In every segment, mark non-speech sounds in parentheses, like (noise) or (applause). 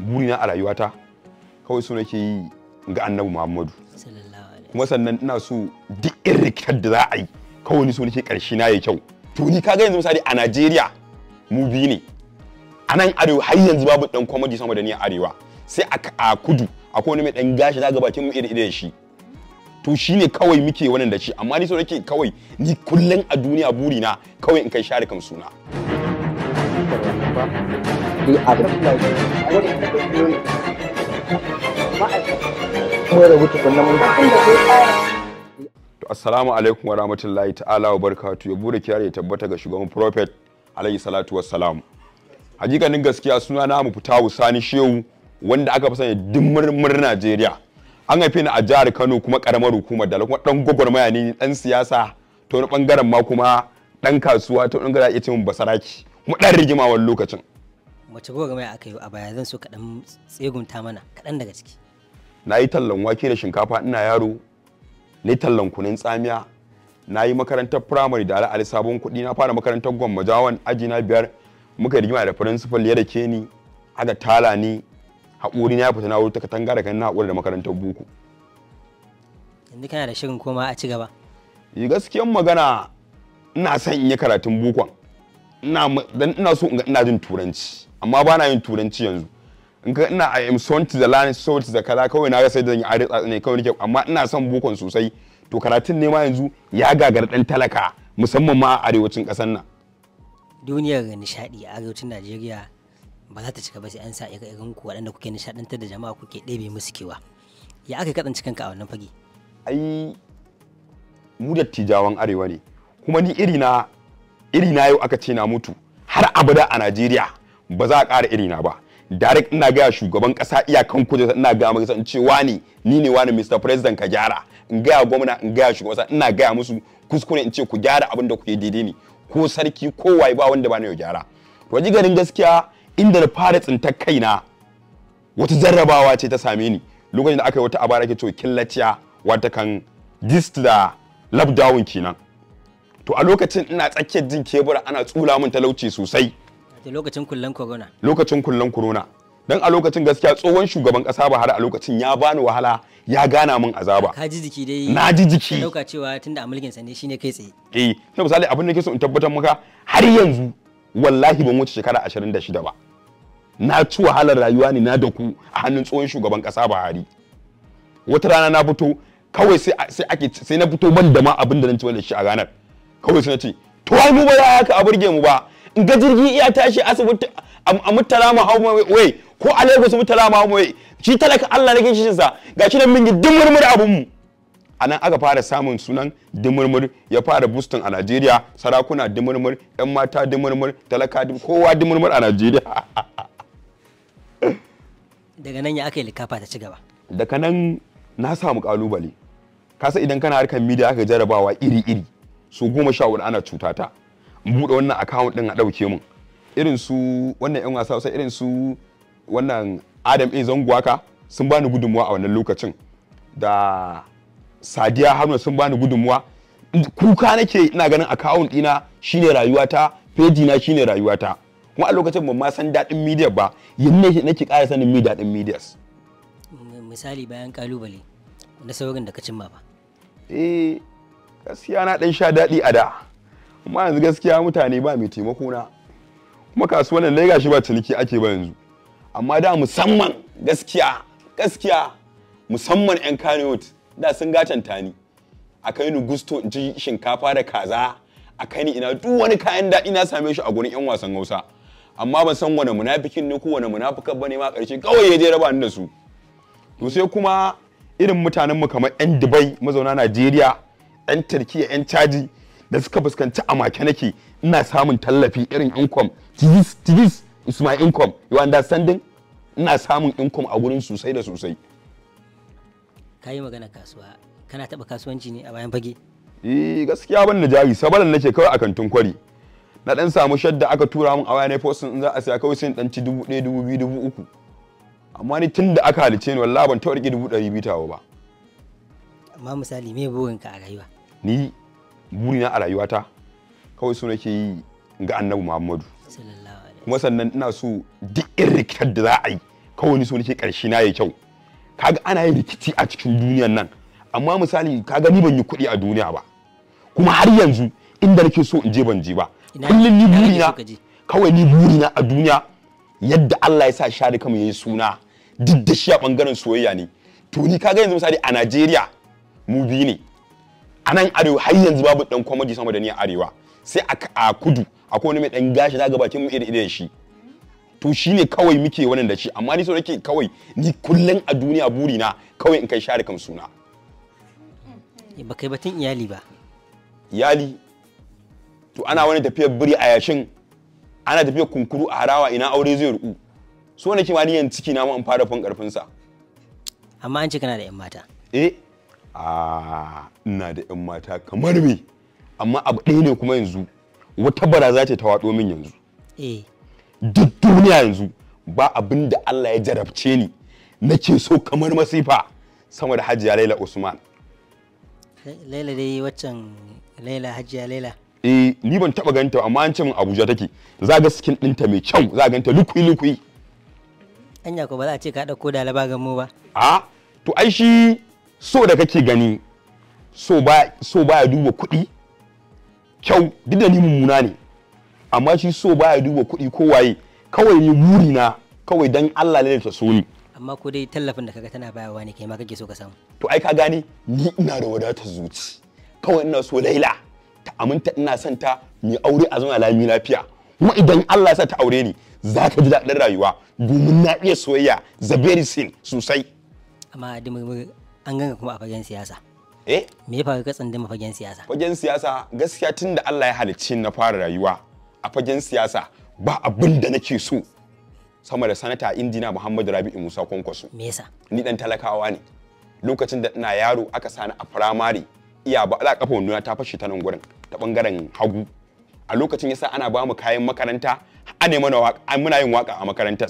burina a rayuwata kawai so nake yi ga annabi muhammadu kuma sannan ina so duk irin rikitar da za a yi kawai ni so nake karshe na ya kyau to ni kaga yanzu misali a najeriya mu biyu ne a nan arewa har yanzu babu dan comedy sama da ni a arewa sai a kudu akwai wani mai dan gashi zaga bakin mu iri iri da shi to shi ne kawai muke wannan da shi amma ni so kawai ni kullum a duniya burina kawai in kai share kan suna bi assalamu alaikum wa rahmatullahi ta'ala wa barakatu ya bude kiyar ya tabbata ga shugaban prophet alayhi salatu wa wassalam hakikanin gaskiya suna na mu fita sani shehu wanda aka fi sani dimmurmur najeriya an haife ni a jihar kano kuma karamar hukumar da kuma dan gwagwarmaya ne dan siyasa ta wani bangaren ma kuma dan kasuwa ta wani bangaren ita ce mun basaraki kuma dan rigima wani lokacin mace gwagwarmaya aka yi a baya zan so kaɗan tsegunta mana kaɗan daga ciki na yi tallan wake da shinkafa ina yaro yi tallan kunin tsamiya na yi makarantar firamare da ala'ali sabon kuɗi na fara makarantar gwamma jawon aji na biyar muka yi rigima da firinsifal ya ke ni haka tala ni haƙuri na fita na wuri ta katanga da kan na haƙuri da makarantar buku yanzu kana da shirin koma a ci gaba yi eh, gaskiyan magana ina son in yi karatun bukon ina so in ga ina jin turanci amma ba na yin turanci yanzu in ka ina i am son to the land so to the kala kawai na ga sai zan yi ari ne kawai nake amma ina son bokon sosai to karatun ne ma yanzu ya gagara dan talaka musamman ma a arewacin kasar nan duniyar nishadi a arewacin Najeriya ba za ta cika ba sai an sa irin ku waɗanda kuke nishadantar da jama'a kuke ɗebe musu kewa ya aka cikin ka a wannan fage ai mu dattijawan arewa ne kuma ni iri na yau aka ce na mutu har abada a Najeriya ba za a ƙara irina ba direct ina gaya shugaban kasa iyakan kujera ina ga masa in ce wani ni ne wani Mr President ka gyara in ga gwamna in ga shugaban kasa ina gaya musu kuskure in ce ku gyara abin da kuke daidai ne ko sarki ko waye ba wanda ba ne ya gyara to ji ganin gaskiya inda na fara tsintar kaina wata jarrabawa ce ta same ni lokacin da aka yi wata abara ke to killaciya wata kan dist da lockdown kenan to a lokacin ina tsakiyar jin kebura ana tsula mun talauci sosai da lokacin kullan corona lokacin kullan corona dan a lokacin gaskiya tsohon shugaban kasa Buhari a lokacin ya bani wahala ya gana min azaba ka ji jiki dai na ji jiki dauka cewa tunda a mulkin sa ne shine kai tsaye eh shi misali abin da nake so in tabbatar maka har yanzu wallahi ban wuce shekara 26 ba na ci wahalar rayuwa ne na da ku a hannun tsohon shugaban kasa Buhari wata rana na fito kawai sai sai ake sai na fito ban da ma abin da nan ci wallahi shi a ranar kawai sai na ce to ai mu ba ya haka a burge mu ba in ga jirgi iya tashi asibiti a mutala ma hau wai ko a Lagos mutala ma hau wai shi talaka Allah na shi sa shi da mun yi dimurmur abun mu a nan aka fara samun sunan dimurmur ya fara bustin a Najeriya sarakuna dimurmur yan mata dimurmur talaka kowa dimurmur a Najeriya (laughs) daga nan ya aka yi likafa ta ci gaba daga nan na samu kalubale kasa idan kana harkar media aka jarabawa iri iri su goma sha ana cutata buɗe wannan account ɗin a ɗauke mun irin su wannan yan wasa sai irin su wannan Adam A Zanguwaka sun bani gudunmuwa a wannan lokacin da Sadiya Haruna sun bani gudunmuwa kuka nake ina ganin akawun ɗina shine rayuwata peji na shine rayuwata kuma a lokacin ban ma san daɗin media ba yanne nake ƙara sanin mi daɗin medias misali bayan kalubale na saurin da ka cimma ba eh gaskiya na ɗan sha daɗi a da amma yanzu gaskiya mutane ba mai taimako na kuma kasuwannin lai gashi ba ciniki ake ba yanzu amma da musamman gaskiya gaskiya musamman yan kaniyot da sun gacanta ni a kai ni gusto in ci shinkafa da kaza a kai ni ina duk wani kayan daɗi na same shi a gurin yan wasan hausa amma ban san wani munafikin ne ko wani ba ne ma ƙarshe kawai ya je raba ni da su to sai kuma irin mutanen mu kamar yan dubai mazauna najeriya yan turkiya yan caji da suka fuskanci a make nake ina samun tallafi irin inkom tigis-tigis is my income you understanding ina samun inkom a gurin sosai da sosai ka yi magana kasuwa kana taba kasuwanci ne a bayan fage eh gaskiya ban da jari sabalan nake kawai a kantin kwari na dan samu shadda aka tura min a waya ne postin in za a siya kawai sai dan ci dubu ɗaya dubu biyu dubu uku amma ni tun da aka halice ni wallahi ban ta riƙe dubu ɗari bitawo tawo ba amma misali me ka a rayuwa ni burina a rayuwata kawai su nake yi ga annabi muhammadu kuma sannan ina so duk irin rikitar da za a yi kawai ni so nake karshe na ya kyau kaga ana yin rikici a cikin duniyan nan amma misali kaga ni ban yi kuɗi a duniya ba kuma har yanzu inda nake so in je ban je ba kullum ni burina kawai ni burina a duniya yadda Allah ya sa shari kama yayi suna duk da shi a bangaren soyayya ne to ni kaga yanzu misali a Najeriya mu biyu ne a nan arewa har yanzu babu dan comedy sama da ni a arewa sai a kudu akwai wani mai dan gashi na bakin mu iri irin shi to shine kawai muke wannan da shi amma ni so nake kawai ni kullun a duniya buri na kawai in kai share kan suna ba kai batun iyali ba iyali to ana wani tafiyar biri a yashin ana tafiyar kunkuru a harawa ina aure zai ruku so nake ma ni yan ciki na mu in fara fun karfin sa amma an ci kana da yan mata eh a ina da 'yan mata kamar me amma abu ɗaya ne kuma yanzu wata baraza ce ta waɗo min yanzu eh. duk duniya yanzu ba abin da Allah ya jarabce ni nake so kamar masifa sama da hajiya laila usman laila dai waccan laila hajiya laila eh ni ban taba ganta amma an ce min abuja take za ga skin ɗinta mai kyau za ganta lukui lukui anya ko ba za a ce ka dauko da laba ga mu ba a to ai shi so da kake gani so ba so baya duba kuɗi kyau duk da ni mummuna ne amma shi so baya duba kuɗi ko waye kawai ni buri na kawai dan Allah ne ta so ni amma ko dai tallafin da kaga tana bayarwa ne kai ma kake so ka samu to ai ka gane ni ina da wadatar zuci kawai ina so Laila ta aminta ina son ta mu aure a zauna lami lafiya kuma idan Allah ya sa ta aure ni za ka ji daɗin rayuwa domin na iya soyayya the very sosai amma an ganga kuma a fagen siyasa eh me ya faru ka ma fagen siyasa fagen siyasa gaskiya tun da Allah ya halicci na fara rayuwa a fagen siyasa ba abin da nake so sama da sanata injina Muhammadu Rabi'u Musa Kwankwaso me yasa ni dan talakawa ne lokacin da ina yaro aka sani a firamare iya ba ala kafa wannan ta fashe ta nan gurin ta bangaren hagu a lokacin yasa ana ba mu kayan makaranta ne mana muna yin waka a makarantar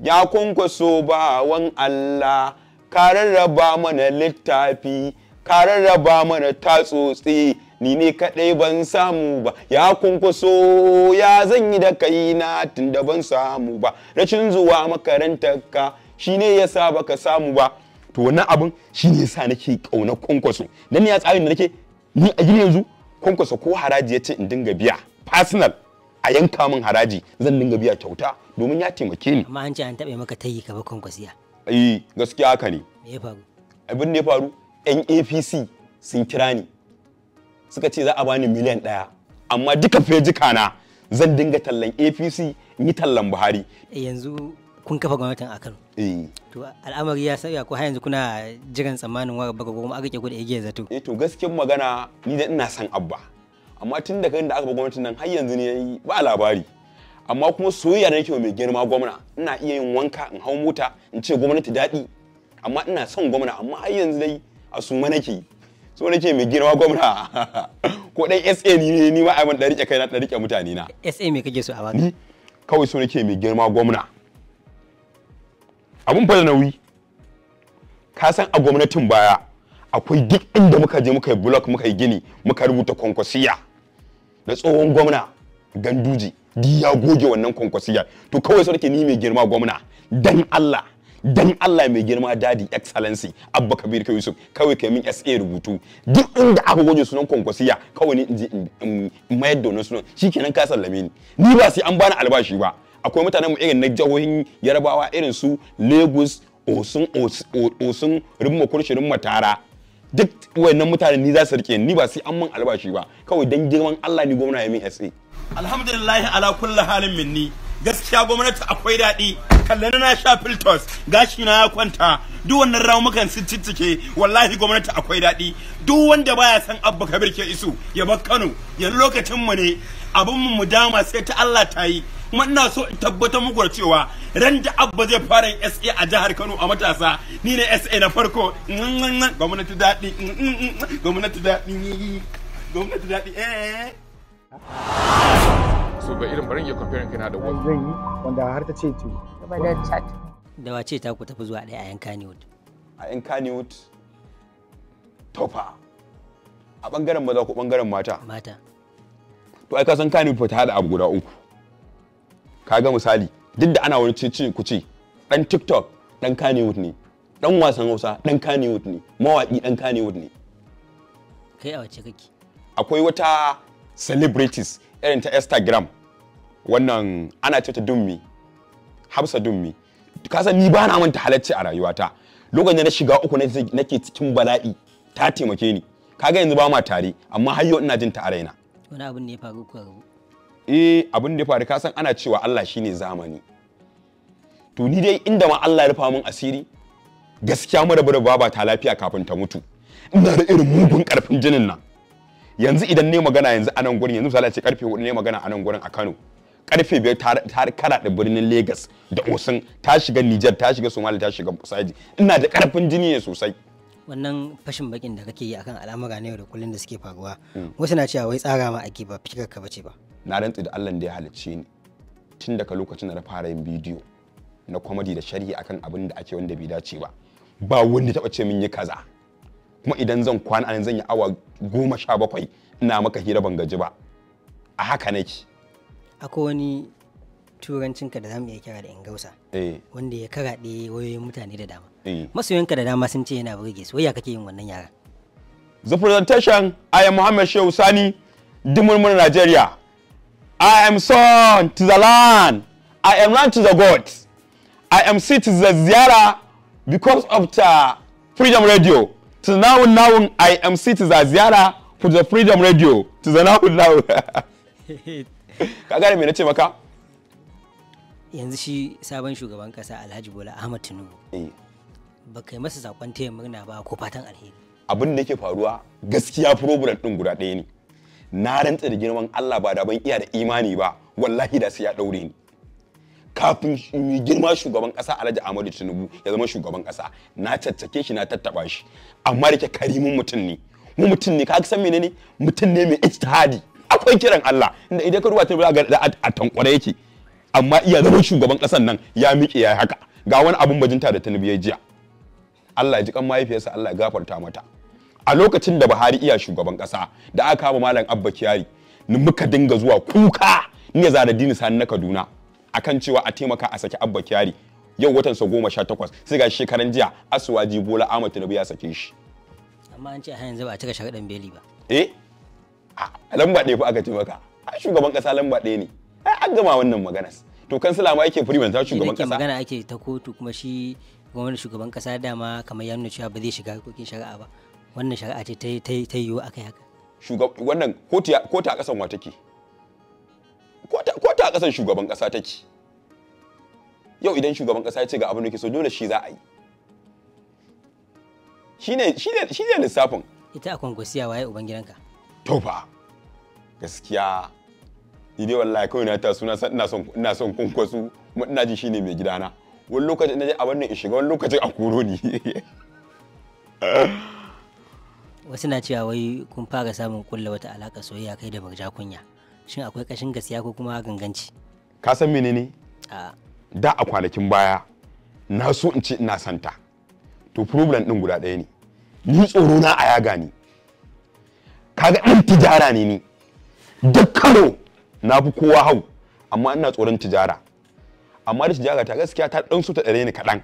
ya kwankwaso bawan Allah ka rarraba mana littafi ka rarraba mana tatsotsi ni ne kaɗai ban samu ba ya kunkuso ya zan yi da kaina tunda ban samu ba rashin zuwa makarantar ka shine yasa baka samu ba to wannan abin shine yasa nake ƙaunar kunkuso dan ya tsarin da nake ni a gini yanzu kunkuso ko haraji ya ce in dinga biya personal a yanka min haraji zan dinga biya kyauta domin ya taimake ni amma an ce an taɓa maka tayi ka ba kwankwasiya ayi eh, gaskiya haka ne me ya faru abin da ya faru yan apc sun kira ni suka ce za a bani miliyan ɗaya amma duka fejika na zan dinga tallan apc in yi tallan buhari eh, yanzu kun kafa gwamnatin a kano eh. to al'amari ya sauya ko har yanzu kuna jiran tsammanin wa baka kuma aka ke ku da igiyar zato eh to gaskiyar magana ni da ina son abba amma tun da kan da aka ba gwamnatin nan har yanzu ne ba labari amma kuma soyayya da nake mai girma gwamna ina iya yin wanka in hau mota in ce gwamnati daɗi amma ina son gwamna amma har yanzu dai a suma nake so nake mai girma gwamna (laughs) ko dai SA ni ne ni ma ai ban da rike kaina da rike mutane na SA me kake so a baka kawai so nake mai girma gwamna abun fa da nauyi ka san a gwamnatin baya akwai duk inda muka je muka yi block muka yi gini muka rubuta kwankwasiya da tsohon gwamna ganduji di ya goge wannan kwankwasiyar to kawai sarki ni mai girma gwamna dan Allah dan Allah mai girma dadi excellency abba kabir ka yusuf kawai kai min sa rubutu duk inda aka goge sunan kwankwasiya kawai ni in mayar da wannan sunan shikenan ka sallame ni ni ba sai an bani albashi ba akwai mutanen mu irin na jihohin yarabawa irin su lagos osun osun rimma kurshi rimma tara duk wayannan mutane ni za su rike ni ba sai an man albashi ba kawai dan girman Allah ni gwamna ya min sa alhamdulillah ala kulli halin minni gaskiya gwamnati akwai daɗi kalle na sha filters gashi na ya kwanta duk wannan ramukan sun ciccike wallahi gwamnati akwai daɗi duk wanda baya san abba kabir ke isu ya bar kano yanzu lokacin mu ne abin mu dama sai ta Allah ta yi kuma ina so in tabbatar muku cewa ran da abba zai fara SA a jihar Kano a matasa ni ne SA na farko gwamnati daɗi gwamnati daɗi gwamnati daɗi eh so ba irin barin ya comparing kana da wani zai yi wanda har ta ce ce ba da chat da wace ta ku tafi zuwa ɗaya a yan Kannywood a yan Kannywood tofa a bangaren maza ko bangaren mata mata to ai ka san Kannywood ta hada abu guda uku Ka ga misali duk da ana wani cin ce, dan TikTok dan Kannywood ne dan wasan Hausa dan Kannywood ne mawaki dan Kannywood ne kai a wace kake akwai wata celebrities irin ta instagram wannan ana ce ta dummi hafsa dummi kasan ni ba na manta halacci a rayuwata lokacin da na shiga uku nake cikin bala'i ta taimake ni kaga yanzu ba ma tare amma har ina jin ta a raina wani abin eh, da ya faru ku rabu eh abin da ya faru kasan ana cewa Allah shine zamani to ni dai inda ma Allah ya rufa min asiri gaskiya mu rabu da ta lafiya kafin ta mutu ina da irin mugun karfin jinin nan yanzu idan ne magana yanzu anan gurin yanzu misali a ce karfe hudu ne magana anan gurin a Kano karfe biyar ta da birnin Legas da Osun ta shiga Nijar ta shiga Somali ta shiga Saji ina da karfin jini ne sosai wannan fashin bakin da kake yi akan al'amura na da kullun da suke faruwa hmm. wasu na cewa wai tsara ma ake ba fikar ka bace ba na rantsi da Allah da ya halicce ni tun daga lokacin da na fara yin bidiyo na kwamadi da sharhi akan abin da ake wanda bai dace ba ba wanda taba ce min yi kaza kuma idan zan kwana anan zan yi awa goma sha bakwai ina maka hira ban gaji ba a haka nake akwai wani turancinka da zamu iya kira da ingausa eh. wanda ya karaɗe wayoyin mutane da dama eh. masoyanka da dama sun ce yana burge su waya kake yin wannan yara. the presentation i am muhammad shehu sani dimulmul nigeria i am son to the land i am land to the god i am citizen ziyara because of ta freedom radio to now now I am citizen ziyara to the freedom radio to the now now (laughs) ka gane me nace maka yanzu shi sabon shugaban kasa Alhaji Bola Ahmad Tinubu eh. ba kai masa sakon taya murna ba ko fatan alheri abin da yake faruwa gaskiya program din guda ɗaya ne na rantsa da girman Allah ba da ban iya da imani ba wallahi da sai ya daure ni kafin mai girma shugaban kasa Alhaji Ahmadu Tinubu ya zama shugaban kasa na caccake shi na tattaba shi amma da ke karimin mutum ne mu mutum ne ka san menene mutum ne mai ijtihadi akwai kiran Allah inda idan ka ruwa ta ga a tankwara yake amma iya zama shugaban kasan nan ya miƙe ya haka ga wani abun bajinta da Tinubu ya jiya Allah ya ji kan mahaifiyarsa Allah ya gafarta mata a lokacin da Buhari iya shugaban kasa da aka kama malam Abba Kiyari ni muka dinga zuwa kuka ni ya zara dini sani na Kaduna akan cewa a taimaka a saki abba kyari yau watan sa goma sha takwas sai ga shekaran jiya asuwaji bola ahmad tinubu ya sake shi amma an ce a yanzu ba a cika sharaɗin beli ba eh lamba ɗaya fa aka ce maka a shugaban kasa lamba ɗaya ne ai an gama wannan maganas to kansila ma yake freeman ta shugaban kasa magana ake ta kotu kuma shi gwamnati shugaban kasa dama kamar ya nuna cewa ba zai shiga harkokin shari'a ba wannan shari'a ce ta yiwu akai haka wannan kotu a kasan wa take ko ta kasan shugaban kasa take yau idan shugaban kasa ya ce ga abin da ke so dole shi za a yi shine shine lissafin ita a kwankwasiya waye uban gidanka to fa gaskiya ni dai wallahi kawai na taso ina son ina son kwankwasu mu ina ji shine mai gidana wani lokacin na je a wannan in shiga wani lokacin a koro ni wasu na cewa wai kun fara samun kulla wata alaka soyayya kai da marja kunya shin akwai kashin gaskiya ko kuma ganganci ka san menene da a kwanakin baya na so in ce ina santa to problem din guda ɗaya ne ni tsoro na a yaga ni kaga ɗan tijara ne ni duk karo na fi kowa hau amma ina tsoron tijara amma da tijara ta gaskiya ta ɗan so ta ɗare ni kaɗan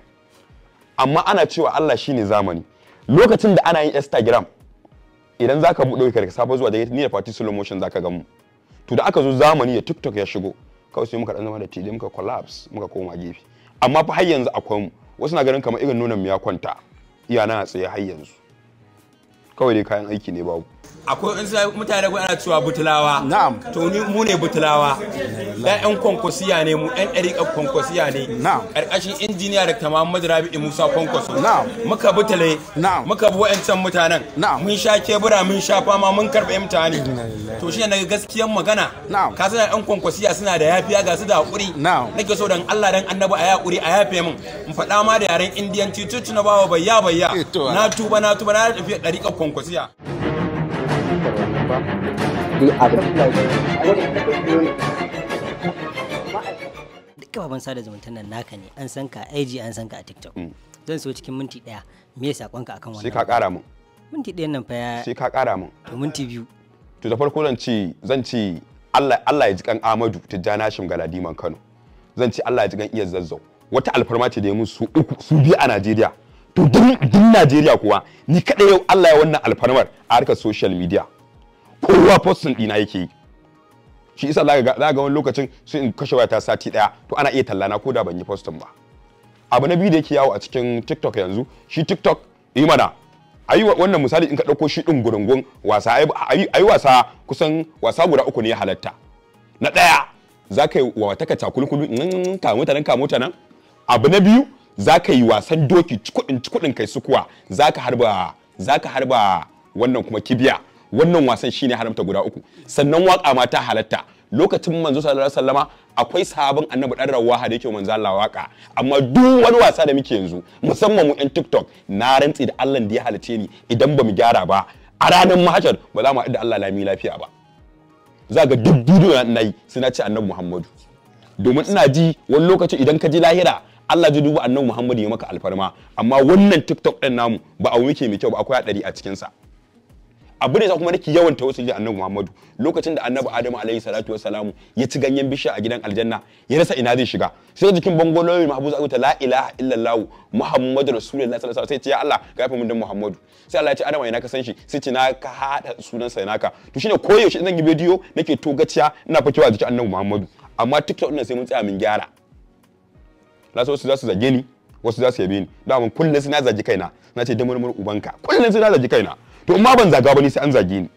amma ana cewa Allah shine zamani lokacin da ana yin Instagram idan zaka buɗe ka safa zuwa da ni da party Slow Motion zaka ga mu to da aka zo zamani ya tiktok ya shigo kawai sai muka dan zama da tide muka collapse muka koma gefe amma fa har yanzu akwai mu wasu na ganin kamar irin nonon mu ya kwanta iyana na tsaye har yanzu kawai dai kayan aiki ne babu akwai in mutane ko ana cewa butulawa na'am to ni mu ne butulawa da yan kwankwasiya ne mu yan kan kwankwasiya ne na'am karkashin injiniya da tamam madarabi musa kwankwaso na'am muka butule na'am muka bi wa'ancan mutanen na'am mun sha kebura mun sha fama mun karɓe mutane to shi ne gaskiyar magana na'am ka san yan kwankwasiya suna da yafiya ga su da haƙuri na'am nake so dan Allah dan annabi a yaƙuri a yafe min Mu faɗa ma da yaren indiyanci cucu na bawa bayya bayya eh, na tuba na tuba na tafi kan kwankwasiya dai abin duk kafafen sada zumunta nan naka ne an san ka IG an san ka a TikTok mm. zan so cikin minti daya me kwanka akan wannan sai ka kara mun minti daya nan fa ya sai ka kara mun to minti biyu to da farko zan ce zan ce Allah Allah ya ji kan Amadu Tijjana Shim Galadiman Kano zan ce Allah ya ji kan iya zazzau wata alfarma ce da ya mun su uku su biyu a Najeriya to duk Najeriya kuwa ni kada yau Allah ya wannan alfarmar a harkar social media kowa fosin ɗina yake yi shi isa za ga wani lokacin sai in kashe wayata sati ɗaya to ana iya talla na koda ban yi postin ba abu na biyu da yake yawo a cikin tiktok yanzu shi tiktok yi mana ayi wannan misali in ka ɗauko shi ɗin gurungun wasa ayi wasa kusan wasa guda uku ne ya halatta na ɗaya za ka yi wa mataka cakulkulu in ka mutanen ka nan abu na biyu za ka yi wasan doki cikudin cikudin kai sukuwa za harba za ka harba wannan kuma kibiya wannan wasan shine haramta guda uku sannan waka ma ta halatta lokacin manzo sallallahu alaihi wasallama akwai sabon annabi dan rawaha da yake manzo Allah waka amma duk wani wasa da muke yanzu musamman mu yan TikTok na rantsi da Allah da ya halice ni idan ba mu gyara ba a ranar mahajar ba za mu haɗu da Allah lami lafiya ba za ga duk duniya na yi suna ce annabi Muhammadu domin ina ji wani lokaci idan ka ji lahira Allah ji duba annabi Muhammadu ya maka alfarma amma wannan TikTok ɗin namu ba a muke mai kyau ba akwai haɗari a cikinsa. sa abu ne kuma nake yawan tawassuli da annabi Muhammadu lokacin da annabi Adamu alaihi salatu salam ya ci ganyen bishiya a gidan aljanna ya rasa ina zai shiga sai jikin bango lawyer mahfuz ta la ilaha illallah Muhammadu rasulullahi sallallahu alaihi sai ce ya Allah gafe mun dan Muhammadu sai Allah ya ce Adamu ina ka san shi sai ce na ka hada sunan sa naka to shine koyaushe zan yi bidiyo nake to gaciya ina fakewa jikin annabi Muhammadu amma TikTok din sai mun tsaya mun gyara lasu su za su zage ni wasu za su yabe ni daman kullum sai na zaji kaina na ce murmur ubanka kullum sai na kaina to in ma ban zaga ba ne sai an zage ni